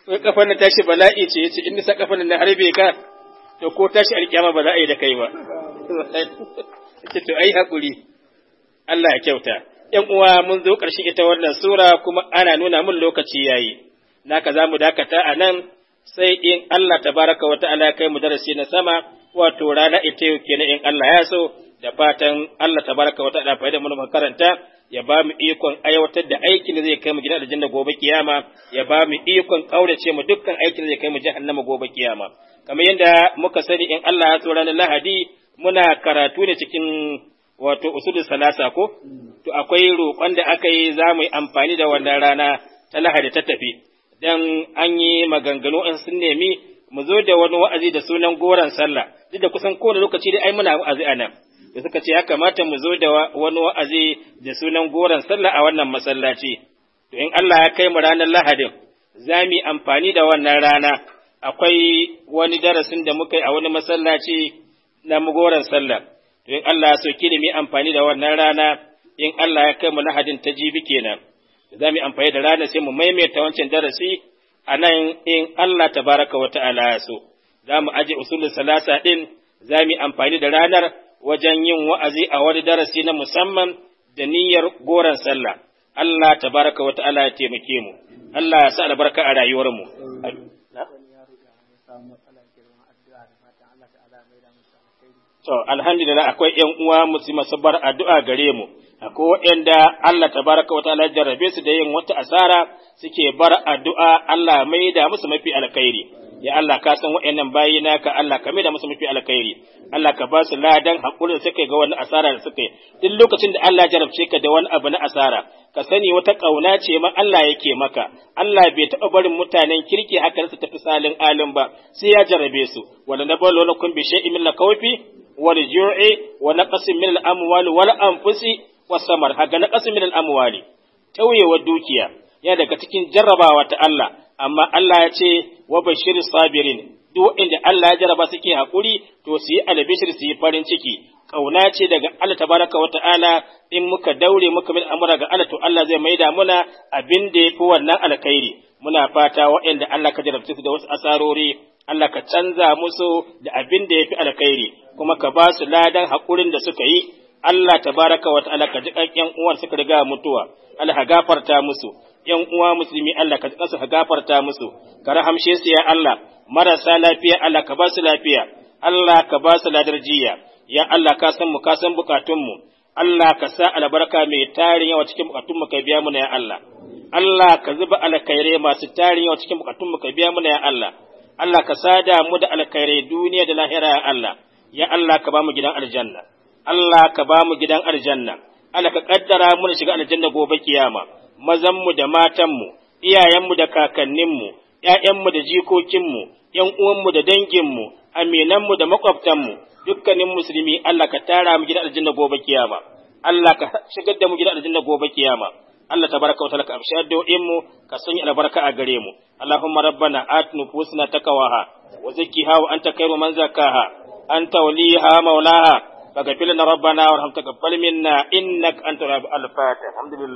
sai kafan na tashi bala'i ce yace in sa kafan na harbe ka to ko tashi alkiyama ba za a yi da kai ba ce to ai hakuri Allah ya kyauta ƴan uwa mun zo ƙarshen ita wannan sura kuma ana nuna mun lokaci yayi naka za mu dakata a nan sai in Allah tabaraka wa ta'ala kai mu darasi na sama wato rana ita yau kenan in Allah ya so da fatan Allah tabaraka wa ta'ala fa da mu makaranta ya ba mu ikon aiwatar da aikin da zai kai mu da aljanna gobe kiyama ya ba mu ikon ƙaurace mu dukkan aikin da zai kai mu jahannama gobe kiyama kamar yadda muka sani in Allah ya so ranar Lahadi muna karatu ne cikin wato usudu salasa ko to akwai roƙon da aka yi za mu yi amfani da wannan rana ta Lahadi ta tafi dan an yi maganganu an sun nemi mu zo da wani wa'azi da sunan goron sallah duk da kusan kowane lokaci dai ai muna wa'azi a nan da suka ce ya kamata mu zo da wani wa'azi da sunan goron sallah a wannan masallaci to in Allah ya kai mu ranar Lahadin za mu yi amfani da wannan rana akwai wani darasin da muka yi a wani masallaci na goron sallah to in Allah ya soki da mu yi amfani da wannan rana in Allah ya kai mu Lahadin ta jibi kenan za mu yi amfani da ranar sai mu maimaita wancan darasi a nan in Allah ta baraka wa ta'ala ya so za mu aje usulun salasa ɗin za mu yi amfani da ranar wajen yin wa'azi a wani darasi na musamman da niyyar goron sallah Allah ta baraka wa ta'ala ya taimake mu Allah ya sa albarka a rayuwar mu to alhamdulillah akwai yan uwa musu bar addu'a gare mu akwai waɗanda Allah Ta baraka wata ta'ala jarrabe su da yin wata asara suke bar addu'a Allah mai da musu mafi alkhairi ya Allah ka san waɗannan bayi ka Allah ka mai da musu mafi alkhairi Allah ka ba su ladan haƙuri da suke ga wani asara da suka yi duk lokacin da Allah jarabce ka da wani abu na asara ka sani wata ƙauna ce ma Allah yake maka Allah bai taɓa barin mutanen kirki haka su tafi salin alin ba sai ya jarabe su Wanda na balo kun bi imin na lakawfi wani ju'i wa ƙasin min al'amuwa, wani wal anfusi wasamar haga na ƙasa minal amwali tauyewar dukiya ya daga cikin jarrabawa ta Allah amma Allah ya ce wa bashir sabirin duk waɗanda Allah ya jarraba suke haƙuri to su yi albishir su yi farin ciki Ƙauna ce daga Allah tabaraka wa ta'ala in muka daure muka min amura ga Allah to Allah zai maida muna abin da yafi wannan alkhairi muna fata waɗanda Allah ka jarabce su da wasu asarori Allah ka canza musu da abin da fi alkhairi kuma ka ba su ladan haƙurin da suka yi Allah tabaraka wa ta'ala ka jikan ƴan uwan suka riga mutuwa Allah ka gafarta musu ƴan uwa musulmi Allah ka jikan su ka gafarta musu ka rahamshe su ya Allah marasa lafiya Allah ka ba su lafiya Allah ka ba su ladar jiya ya Allah ka san mu ka san bukatun Allah ka sa albarka mai tarin yawa cikin bukatunmu ka biya mu ya Allah Allah ka zuba alkhairai masu tarin yawa cikin bukatunmu ka biya mu ya Allah Allah ka sada mu da alkhairai duniya da lahira ya Allah ya Allah ka ba mu gidan aljanna Allah ka ba mu gidan aljanna Allah ka kaddara mu shiga aljanna gobe kiyama mazan da matanmu, mu da kakanninmu, 'ya'yanmu da jikokinmu, 'yan ƴan da danginmu, mu da makwabtan mu dukkanin musulmi Allah ka tara mu gidan aljanna gobe kiyama Allah ka shigar da mu gidan aljanna gobe kiyama Allah tabaraka wa ta'ala ka amshi mu ka sanya albarka a gare mu Allahumma rabbana atina fusna takawaha wa zakkiha wa anta khairu man zakkaha anta waliha maulaha فاغفر لنا ربنا وارحم تقبل منا انك انت الفاتح الحمد لله